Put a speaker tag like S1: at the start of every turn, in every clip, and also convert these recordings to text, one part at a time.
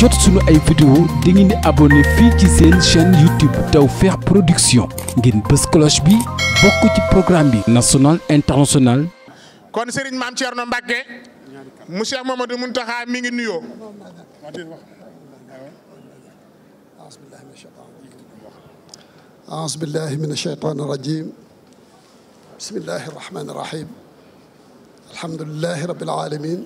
S1: jot suñu ay vidéo da ngeen di abonné fii ci seen chaîne YouTube Tawfekh Production ngeen bës cloche bi bokk ci programme bi national international kon Serigne Mame Thierno Mbacké mu Cheikh Mamadou Mountakha mi ngi nuyoo
S2: أعوذ بالله من الشيطان الرجيم بسم الله الرحمن الرحيم الحمد لله رب العالمين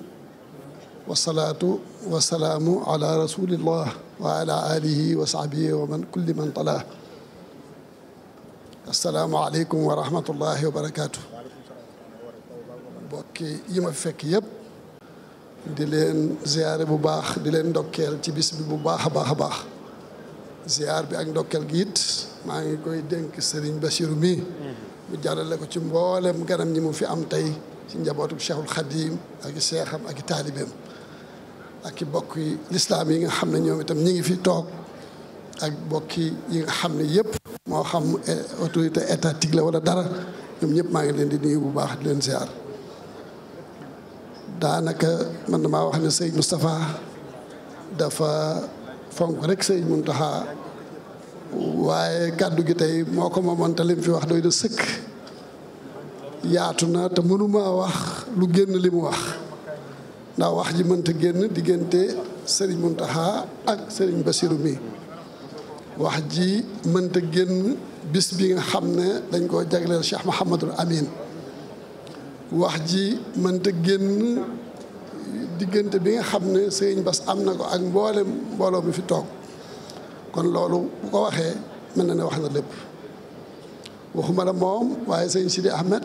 S2: wasalaatu wasalaamu ala rasulillah wa ala alihi wa sahbihi wa man kulli man talaa asalaamualeykum wa rahmatullahi wa barakaatu mbokki yi ma fekk yëpp di leen ziyaare bu baax di leen ndokkeel ci bis bi bu baax a baax a baax ziyaar bi ak ndokkeel gi it maa ngi koy dénk Serigne Bassirou mi mu jàllale ko ci mboolem ganam ñi mu fi am tey ci njabootu Cheikhul Khadim ak i seexam ak i taalibeem ak i bokk yi lislaam yi nga xam ne ñoom itam ñu ngi fi toog ak bokki yi nga xam ne yëpp moo xam e-, autorité étatique la wala dara ñoom ñëpp maa ngi leen di nuyu bu baax leen ziar daanaka man damaa wax ne sëñ Moustapha dafa fonk rek sëñ taxa waaye kàddu gi tey moo ko moomoon te fi wax doy na sëkk yaatu na te mënuma wax lu génn li mu wax ndax wax ji mënta génn diggante sëriñ Muntaxa ak sëriñ Basiru mi wax ji mënta génn bis bi nga xam ne dañ koo jagleel Cheikh Mouhamadul Amin wax ji mënta génn diggante bi nga xam ne sëriñ Bas am na ko ak mboole mbooloo mi fi toog kon loolu bu ko waxee mën na ne wax na lépp waxuma la moom waaye sëriñ Sidi Ahmed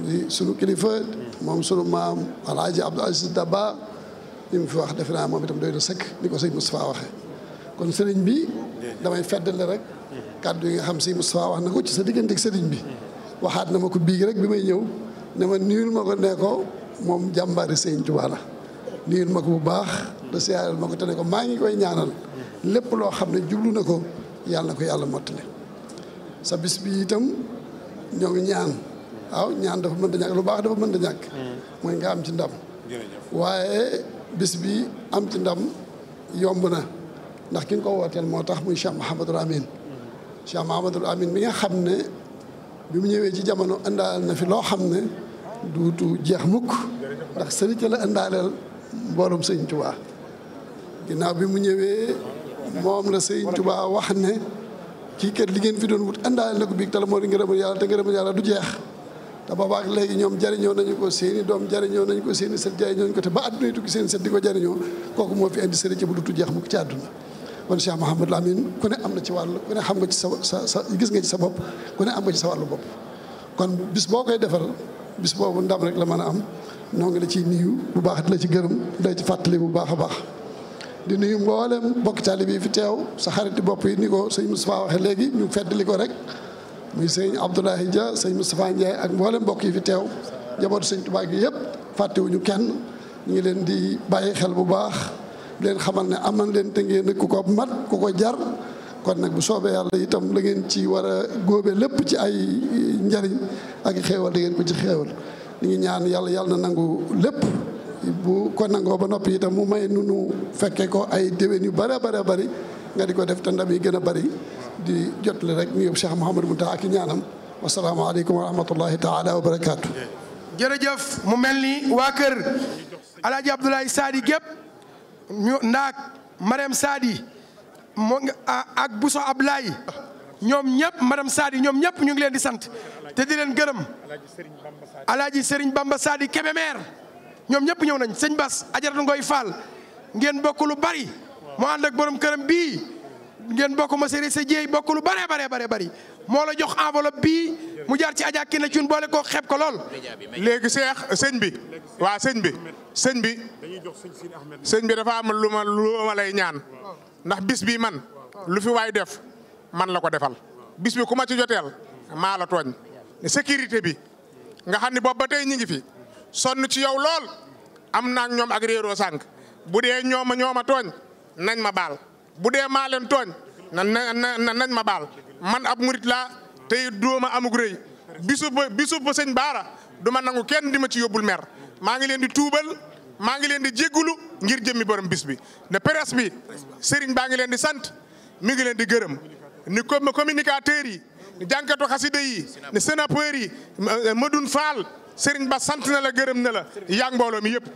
S2: di sunu kilifa moom sunu maam alaaji Abdou Aziz Dabba li mu fi wax defe naa moom itam doy na sëkk ni ko sëñ Moustapha waxee kon sëriñ bi damay feddale rek kàddu yi nga xam si Moustapha wax na ko ci sa diggante sëriñ bi waxaat na ma ko biig rek bi may ñëw ne ma nuyul ma ko ne moom jàmbaari sëriñ Tuubaa la nuyul ma ko bu baax da siyaaral ma ko te ne ko maa ngi koy ñaanal lépp loo xam ne jublu na ko yàlla na ko yàlla mottali sa bis bi itam ñoo ngi ñaan waaw ñaan dafa mën da ñàkk lu baax dafa mën a ñàkk. Hmm. mooy nga am ci ndam. waaye bis bi am ci ndam yomb na ndax ki nga ko wooteel moo tax muy Cheikh Mahamadul Amin. Hmm. Cheikh Mahamadul Amin bi nga xam ne bi mu ñëwee ci jamono indaale na fi loo xam ne duutu jeex mukk ndax sëriñ ca la indaaleel mbooloom sëñ Tuubaa ginnaaw bi mu ñëwee moom la sëñ Tuubaa wax ne kii kat li ngeen fi doon wut indaale na ko biig tala moo di ngërëmal yàlla te ngërëmal yàlla du jeex. te boobaak léegi ñoom jëriñoo nañu ko seeni doom jëriñoo nañu ko seeni set jëriñoo nañu ko te ba àdduna yi tukki seeni set di ko jëriñoo kooku moo fi indi sëriñ ci bu dutu jeex mu ko ci àdduna kon Cheikh Mouhamadou Lamine ku ne am na ci wàll ku ne nga ci sa sa sa gis nga ci sa bopp ku ne am nga ci sa wàllu bopp kon bis boo koy defal bis boobu ndam rek la mën a am noo ngi la ciy nuyu bu baax di la ci gërëm di la ci fàttali bu baax a baax di nuyu mboolem bokk taalibe yi fi teew sa xarit bopp yi ni ko sëñ faa waxee léegi ñu feddali ko rek muy sëñ Abdoulaye Dia sëñ Moustapha Ndiaye ak mboolem mbokk yi fi teew jabootu sëñ Tuubaa gi yëpp fàttewuñu kenn ñu ngi leen di bàyyi xel bu baax leen xamal ne am nañ leen te ngeen ku ko mat ku ko jar kon nag bu soobee yàlla itam la ngeen ci war a góobe lépp ci ay njariñ ak xéewal da ngeen ko ci xeewal li ngi ñaan yàlla yàlla na nangu lépp bu kon nangoo ba noppi itam mu may nunu fekkee ko ay déwén yu bare bare bari nga di ko def te ndam yi gën a bari di le rek nuyoo Cheikh Mouhamadou Mountakha ak i ñaanam wasalaamaaleykum wa rahmatullahi taala wa barakaatu.
S3: jërëjëf mu mel ni
S2: waa kër El Hadj saadi Sadi gépp ñu ndaak
S1: Marème Sadi mu ak Bousso Ablaye ñoom ñëpp Marème Sadi ñoom ñëpp ñu ngi leen di sant te di leen gërëm El Hadj Serigne Bamba Sadi Kébémer ñoom ñëpp ñëw nañ sëñ Bas ajaratu ngoy Fall ngeen bokk lu bari mu ànd borom këram bii. ngeen bokk ma séri sa jéey bokk lu bare bare bare bari moo la jox enveloppe bii mu jaar ci Adja Kine Thioune boole ko xeeb ko lool. léegi seex sëñ bi waa sëñ bi sëñ bi
S3: sëñ bi dafa am lu ma lu
S1: ma ñaan ndax bis bi man lu fi waay def man la ko defal bis bi ku ci joteel maa la tooñ sécurité bi nga xam ne boobu ba tey ñu ngi fi sonn ci yow lool am naa ñoom ak réeroo sànq bu dee ñooma ñooma tooñ nañ ma baal. bu dee maa leen tooñ na na nañ ma baal man ab murit la tey dóoma amug rëy bisu ba bisu ba baara du ma nangu kenn di ma ci yóbbul mer maa ngi leen di tuubal maa ngi leen di jéggulu ngir jëmmi borom bis bi ne presse bi sëriñ baa ngi leen di sant mi ngi leen di gërëm ni communicateurs yi ni jànkatu xasida yi ni sénateurs Serigne Ba sant na la gërëm na la yaa mbooloo mi yëpp.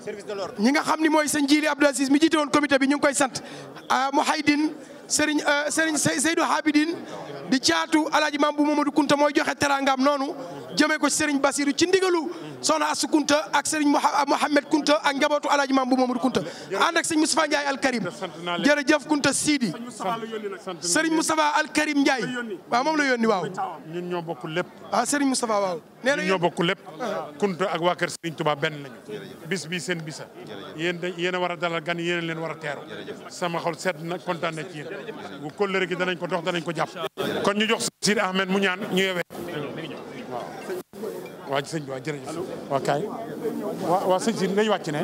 S1: ñi nga xam ni mooy sëñ Jili Abdou Aziz mi jiite woon comité bi ñu ngi koy sant ah, Mouhaydine Serigne euh, Serigne Seydou Habidine di caatu alaaji maam bu Mamadou Kunta mooy joxe teraangaam noonu jëmee ko Serigne Bassirou ci ndigalu soxna Assu Kunta ak Serigne Mouhamed Kunta ak njabootu alaaji maam bu Mamadou Kunta ànd ak Serigne Moustapha Ndiaye Al Karim
S3: jërëjëf Kunta Sidi Serigne Moustapha Al Karim Ndiaye waaw moom la yónni waaw. ñun ñoo bokku lép ah Serigne Moustapha waaw. nee na ñoo bokk lépp. Ah. Kunta ak waa kër Serigne Touba benn lañu. bis bii seen bisa yéen yéen a war a dalal gan yéen leen war a teeru. sama xol sedd na kontaan na bu kóllëre gi danañ ko dox danañ ko jàpp. kon ñu jox Sidi Ahmed mu ñaan ñu yewee waaw waa sëñ bi waa jërëjëf waa kaay waa waa sëñ Sidi nañ wàcc ne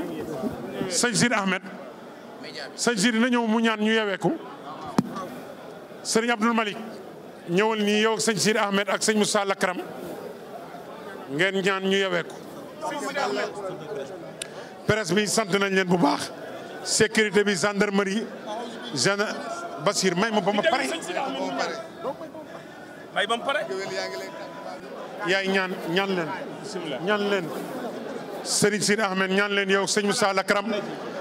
S3: na ñëw mu ñu yeweeku sëriñ Abdul Malik ñëwal nii yow ak sëñ Sidi Ahmed ak sëñ Moussa Lakram ngeen ñaan ñu yeweeku presse bi sant leen bu baax sécurité bi gendarmerie gen Basir may ma ba ma pare.
S1: ba ma pare.
S3: yaay ñaan ñaan leen. bisimilah ñaan leen. Serigne Sidi Ahmed ñaan leen yow sëñ Moussa Lakram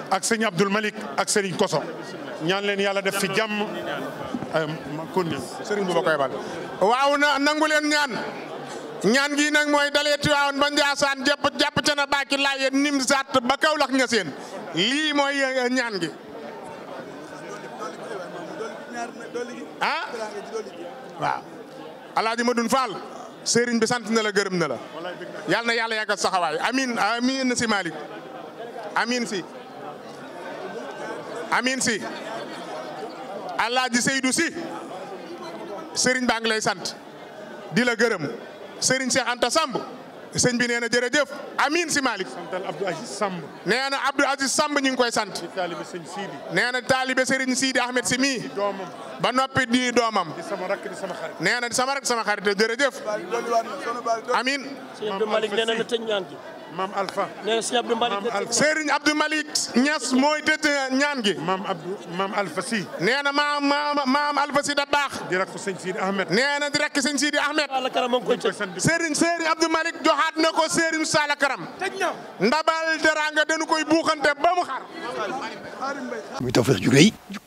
S3: ak sëñ Abdoul Malik ak Serigne Koso ñaan leen yàlla def fi jàmm. Euh, ma continué Serigne bu ma waaw
S1: na nangu leen ñaan. ñaan gi nag mooy dalee Tiwaawan ba Njaasaan jàpp jàpp ca na bàkki laayeen nim sàtt ba Kawlax ña seen lii mooy euh, ñaan gi. ah waaw alaaji Madoun Fall sëriñ bi sant nala gërëm na la yàlla na yàlla yàggal saxawaay amin amin si Malick amin si amin si alaaji Seydou si sëriñ baa ngi lay sant di la gërëm sëriñ Cheikh Anta Samb sëñ bi nee na jërëjëf amiin si Malick.
S3: santal Abdou Aziz Samb.
S1: nee na Abdou Samb ñu ngi koy sant. nee taalibe sëriñ Sidi Ahmed si mii. ba noppi di doomam. di
S3: sama rakk di sama
S1: nee na di sama rakk sama xarit te jërëjëf. amiin. Sëñ Abdou Malick nee na na tëj ñaan gi. maam Alpha. nee na Sëñ Abdou Malick. maam Alpha Serigne Abdou Malick Niass mooy tëj ñaan gi. maam Abdou maam Alpha si. nee na maam maam maam Alpha si da baax. di rakk sëñ Sidi Ahmed. nee na di rakk sëñ Sidi joxaat na ko Serigne Sala Karam. ndabal teranga dañu koy buuxante ba mu xar. muy Tawfekh